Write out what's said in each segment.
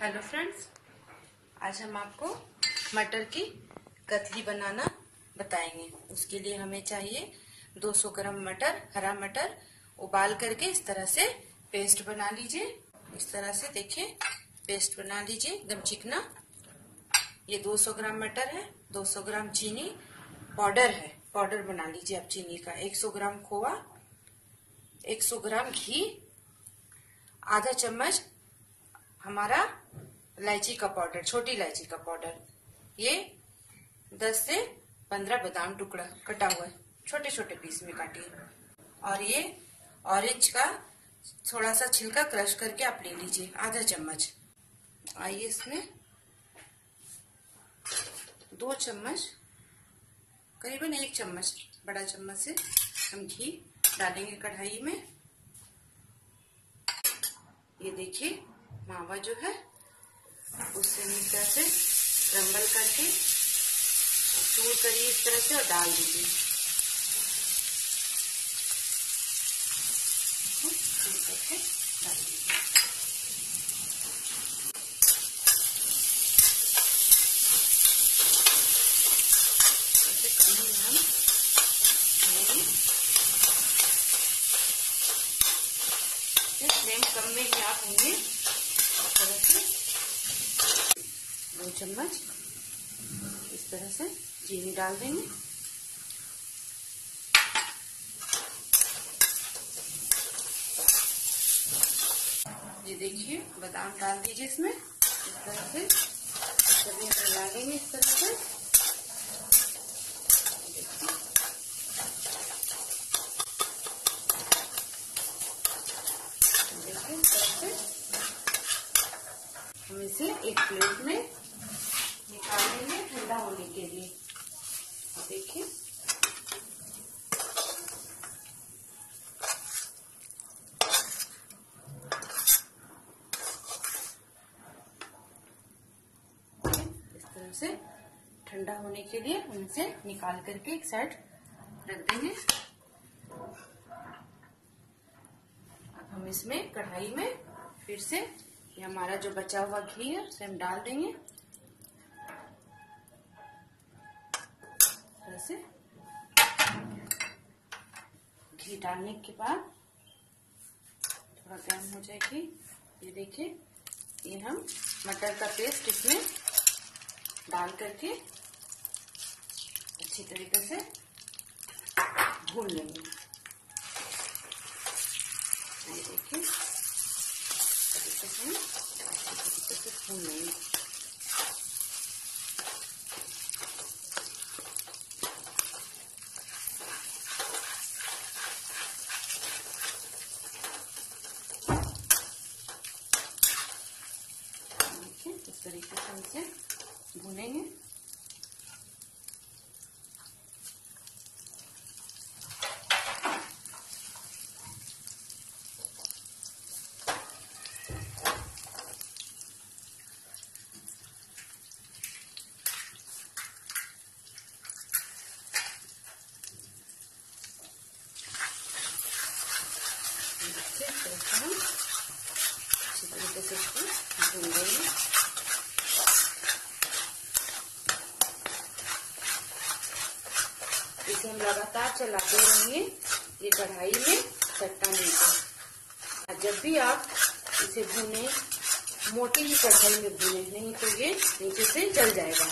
Hello friends आज हम आपको मटर की कतली बनाना बताएंगे उसके लिए हमें चाहिए 200 ग्राम मटर हरा मटर उबाल करके इस तरह से पेस्ट बना लीजिए इस तरह से देखिए पेस्ट बना लीजिए एकदम चिकना ये 200 ग्राम मटर है 200 ग्राम चीनी पाउडर है पाउडर बना लीजिए आप चीनी का 100 ग्राम खोआ 100 ग्राम घी आधा चम्मच हमारा इलायची का पाउडर छोटी इलायची का पाउडर ये दस से पंद्रह बादाम टुकड़ा कटा हुआ है छोटे छोटे पीस में काटिए और ये ऑरेंज का थोड़ा सा छिलका क्रश करके आप ले लीजिए आधा चम्मच आइए इसमें दो चम्मच करीबन एक चम्मच बड़ा चम्मच से हम घी डालेंगे कढ़ाई में ये देखिए मावा जो है उससे मिक्सर से क्रम्बल करके चूर करिए इस तरह से और डाल दीजिए हाँ, चूर करके फ्लेम कम में ही आप होंगे चम्मच इस तरह से चीनी डाल देंगे ये देखिए बादाम डाल दीजिए इसमें इस तरह से सभी मिला देंगे इस तरह से हम से एक प्लेट में निकाल ठंडा होने के लिए देखिए से ठंडा होने के लिए उनसे निकाल करके एक साइड रख देंगे अब हम इसमें कढ़ाई में फिर से ये हमारा जो बचा हुआ घी है उसे हम डाल देंगे ऐसे घी डालने के बाद थोड़ा गर्म हो जाएगी ये देखिए ये हम मटर का पेस्ट इसमें डाल करके अच्छी तरीके से भून लेंगे इस तरीके से इसे भूनेंगे अच्छी तरीके से इसको भून देंगे लगातार चलाते रहिए ये कढ़ाई में चट्टा नहीं है जब भी आप इसे भूने मोटी ही कढ़ाई में भूने नहीं तो ये नीचे से जल जाएगा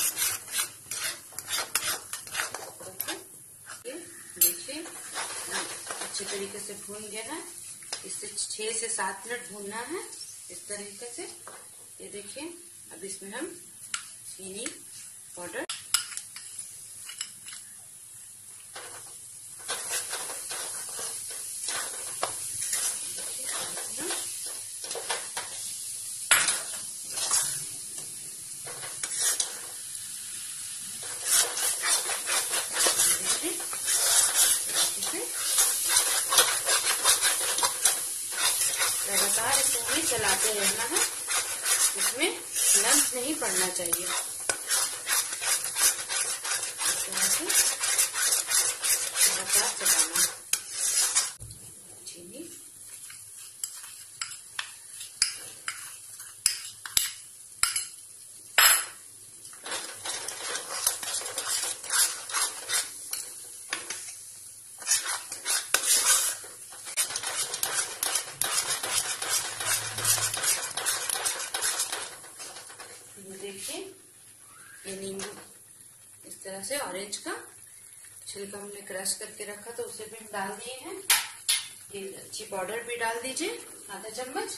अच्छे तरीके से भून गया है इसे छह से सात मिनट भूनना है इस तरीके से ये देखिए अब इसमें हम चीनी पाउडर चलाते रहना है इसमें नम नहीं पड़ना चाहिए से ऑरेंज का छिलका हमने क्रश करके रखा तो उसे भी हम डाल दिए हैं ये अच्छी पाउडर भी डाल दीजिए आधा चम्मच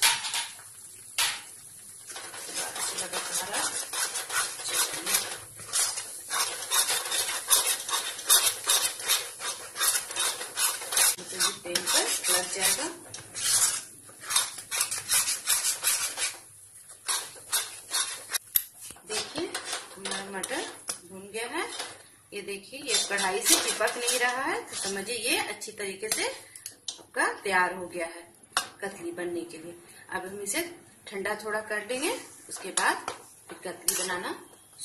पर लग जाएगा देखिए हमारा मटर भून गया है ये देखिए ये कढ़ाई से चिपक नहीं रहा है तो समझिए ये अच्छी तरीके से आपका तैयार हो गया है कतली बनने के लिए अब हम इसे ठंडा थोड़ा कर देंगे उसके बाद फिर कतली बनाना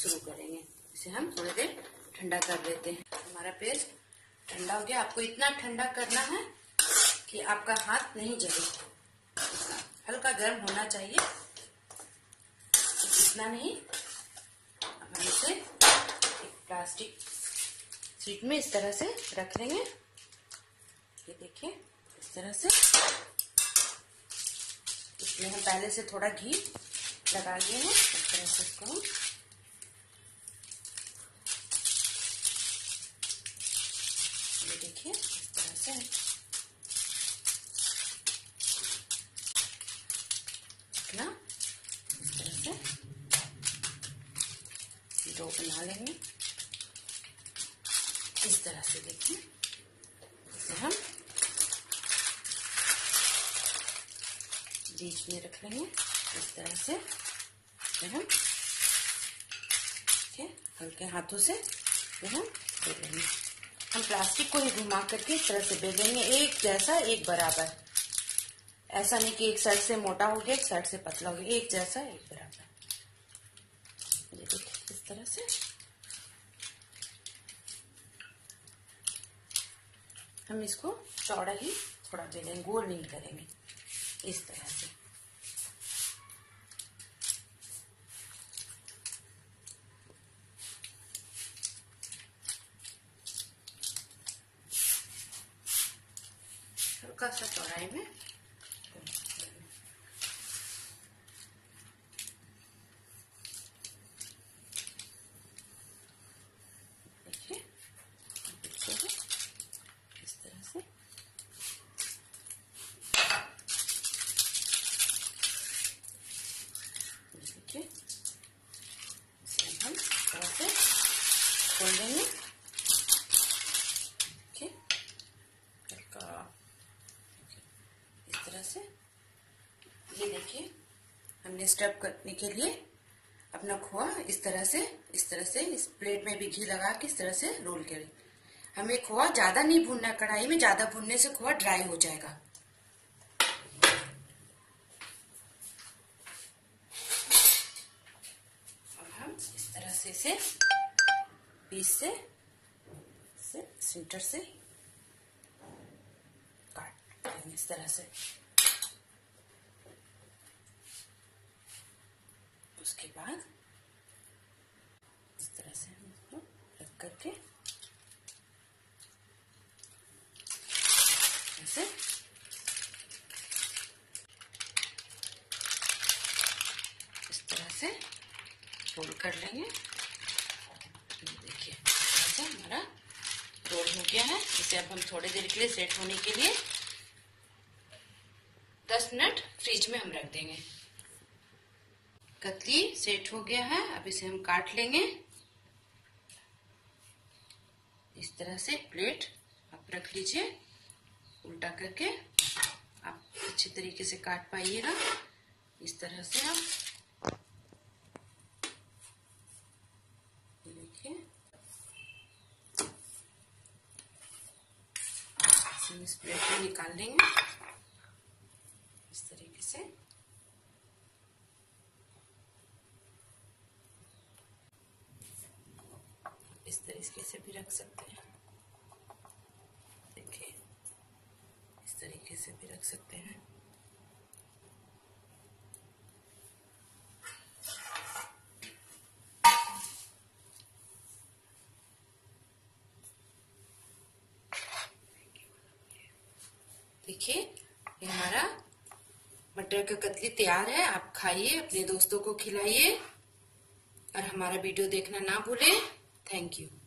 शुरू करेंगे इसे हम थोड़ी देर ठंडा कर लेते हैं हमारा पेस्ट ठंडा हो गया आपको इतना ठंडा करना है कि आपका हाथ नहीं जले हल्का गर्म होना चाहिए इतना नहीं अब हम इसे प्लास्टिक सीट में इस तरह से रख देंगे ये देखिए इस तरह से इसमें हम पहले से थोड़ा घी लगा लिए हैं इस तरह से इसको हम ये देखिए इस तरह से इस तरह से दो बना लेंगे इस तरह से देखें इसे हम बीच में रख लेंगे इस तरह से इसे हम ठीक है हल्के हाथों से इसे हम बेलेंगे हम प्लास्टिक को ही घुमा करके इस तरह से बेलेंगे एक जैसा एक बराबर ऐसा नहीं कि एक साइड से मोटा हो गया एक साइड से पतला हो गया एक जैसा एक बराबर हम इसको चौड़ा ही थोड़ा दे देंगे गोल नहीं करेंगे इस तरह से हल्का सा चौड़ाई में you. Okay. हल्का इस तरह से ये देखिए हमने स्टफ करने के लिए अपना खोआ इस तरह से इस तरह से इस प्लेट में भी घी लगा के इस तरह से रोल कर हमें खोआ ज्यादा नहीं भूनना कढ़ाई में ज्यादा भूनने से खोआ ड्राई हो जाएगा अब हम इस तरह से इसे पीस से से से काट लेंगे इस तरह से उसके बाद इस तरह से हम इसको रख करके ऐसे इस तरह से फोल्ड कर लेंगे है इसे अब हम थोड़ी देर के लिए सेट होने के लिए दस मिनट फ्रिज में हम रख देंगे कतली सेट हो गया है अब इसे हम काट लेंगे इस तरह से प्लेट आप रख लीजिए उल्टा करके आप अच्छे तरीके से काट पाइएगा इस तरह से आप हम इस प्लेट को निकाल लेंगे इस तरीके से इस तरीके से भी रख सकते हैं देखिए इस तरीके से भी रख सकते हैं देखिए ये हमारा मटर का कतली तैयार है आप खाइए अपने दोस्तों को खिलाइए और हमारा वीडियो देखना ना भूलें थैंक यू